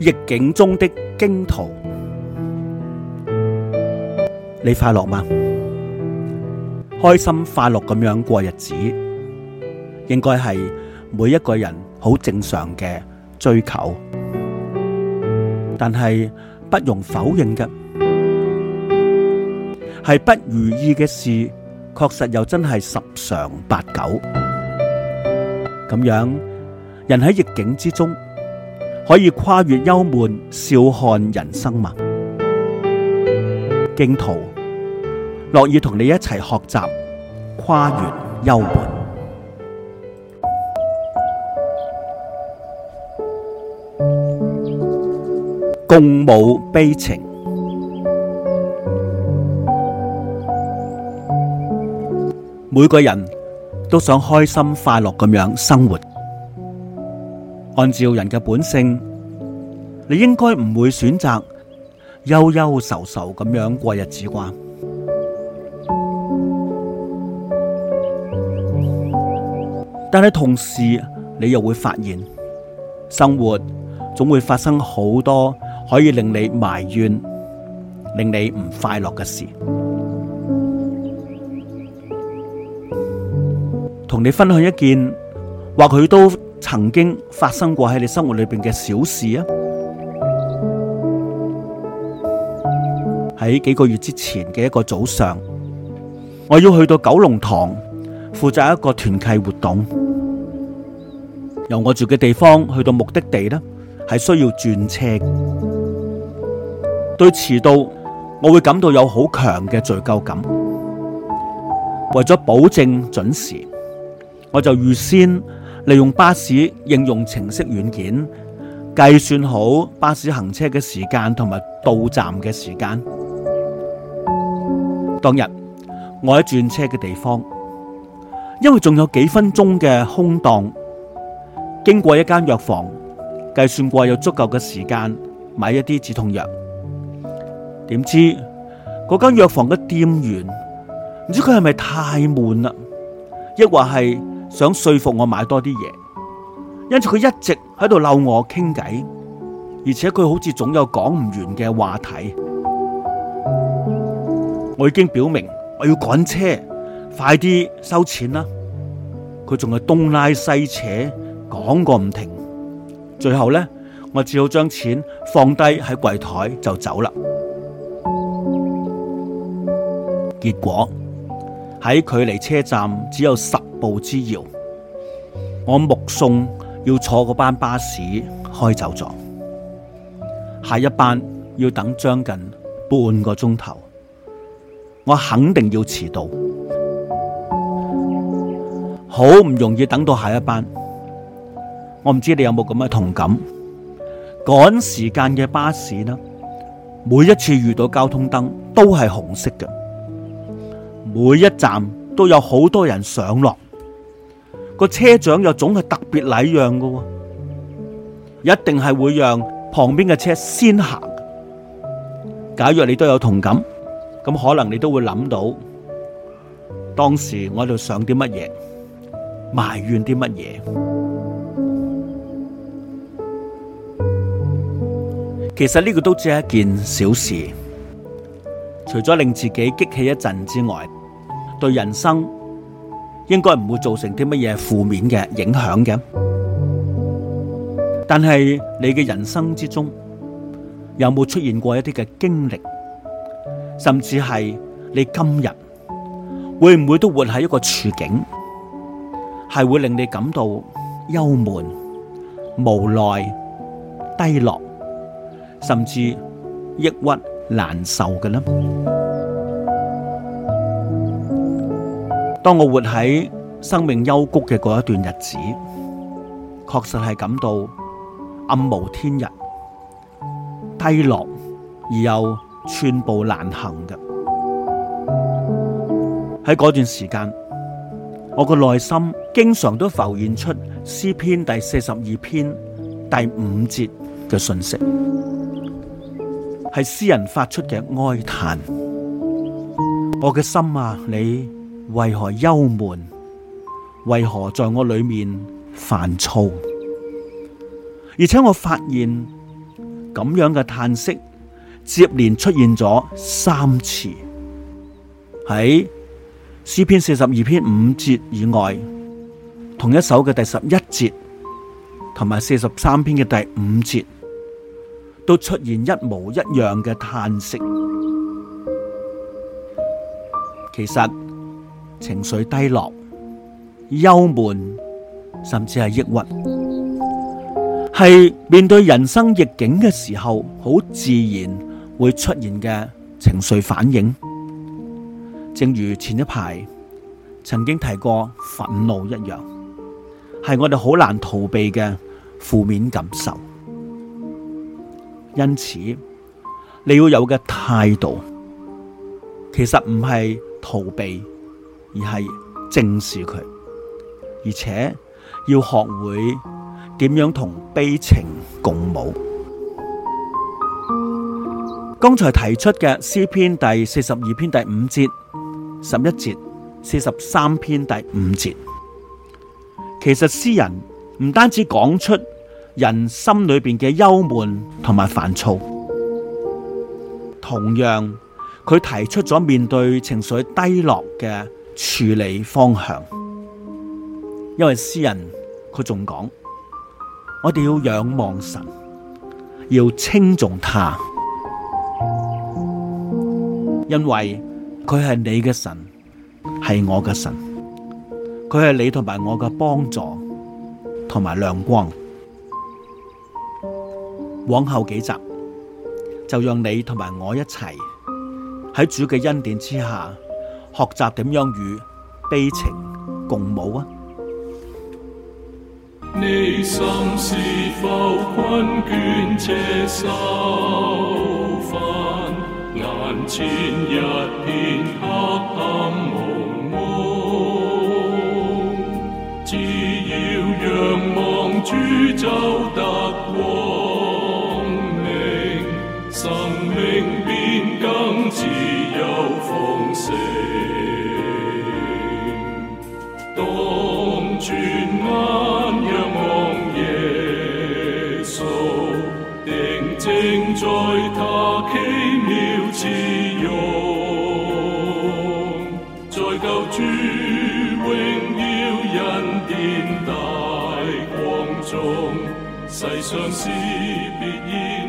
逆境中的荊徒，你快樂嗎？開心快樂咁樣過日子，應該係每一個人好正常嘅追求。但係不容否認嘅，係不如意嘅事，確實又真係十常八九。咁樣，人喺逆境之中。可以跨越幽悶，笑看人生嘛。荊徒樂意同你一齊學習，跨越幽悶，共舞悲情。每個人都想開心快樂咁樣生活。按照人嘅本性，你應該唔會選擇憂憂愁愁咁樣過日子啩。但係同時，你又會發現，生活總會發生好多可以令你埋怨、令你唔快樂嘅事。同你分享一件，或許都。曾經發生過喺你生活裏邊嘅小事啊！喺幾個月之前嘅一個早上，我要去到九龍塘負責一個團契活動，由我住嘅地方去到目的地呢，係需要轉車。對遲到，我會感到有好強嘅罪疚感。為咗保證準時，我就預先。利用巴士應用程式軟件計算好巴士行車嘅時間同埋到站嘅時間。當日我喺轉車嘅地方，因為仲有幾分鐘嘅空檔，經過一間藥房，計算過有足夠嘅時間買一啲止痛藥。點知嗰間藥房嘅店員唔知佢係咪太悶，啦，抑或係？想說服我買多啲嘢，因此佢一直喺度逗我傾偈，而且佢好似總有講唔完嘅話題。我已經表明我要趕車，快啲收錢啦！佢仲係東拉西扯講個唔停，最後呢，我只好將錢放低喺櫃台就走啦。結果。喺距離車站只有十步之遙，我目送要坐嗰班巴士開走咗，下一班要等將近半個鐘頭，我肯定要遲到。好唔容易等到下一班，我唔知道你有冇咁嘅同感？趕時間嘅巴士呢，每一次遇到交通燈都係紅色嘅。每一站都有好多人上落，個車長又總係特別禮讓嘅，一定係會讓旁邊嘅車先行。假若你都有同感，咁可能你都會諗到當時我喺度想啲乜嘢，埋怨啲乜嘢。其實呢個都只係一件小事，除咗令自己激氣一陣之外。對人生應該唔會造成啲乜嘢負面嘅影響嘅，但係你嘅人生之中有冇出現過一啲嘅經歷，甚至係你今日會唔會都活喺一個處境，係會令你感到憂悶、無奈、低落，甚至抑鬱難受嘅呢？當我活喺生命幽谷嘅嗰一段日子，確實係感到暗無天日、低落而又寸步難行嘅。喺嗰段時間，我嘅內心經常都浮現出詩篇第四十二篇第五節嘅信息，係詩人發出嘅哀嘆：我嘅心啊，你。為何憂悶？為何在我裏面煩躁？而且我發現咁樣嘅嘆息接連出現咗三次，喺詩篇四十二篇五節以外，同一首嘅第十一節，同埋四十三篇嘅第五節，都出現一模一樣嘅嘆息。其實。情緒低落、憂悶，甚至係抑鬱，係面對人生逆境嘅時候，好自然會出現嘅情緒反應。正如前一排曾經提過憤怒一樣，係我哋好難逃避嘅負面感受。因此，你要有嘅態度，其實唔係逃避。而係正視佢，而且要學會點樣同悲情共舞。剛才提出嘅詩篇第四十二篇第五節、十一節，四十三篇第五節，其實詩人唔單止講出人心裏邊嘅憂悶同埋煩躁，同樣佢提出咗面對情緒低落嘅。處理方向，因為詩人佢仲講，我哋要仰望神，要稱重他，因為佢係你嘅神，係我嘅神，佢係你同埋我嘅幫助，同埋亮光。往後幾集就讓你同埋我一齊喺主嘅恩典之下。學習點樣與悲情共舞啊？你心是否困倦且收返？眼前一片黑。轉眼仰望耶穌，定睛在祂奇妙之容，在救主榮耀恩典大光中，世上是別意。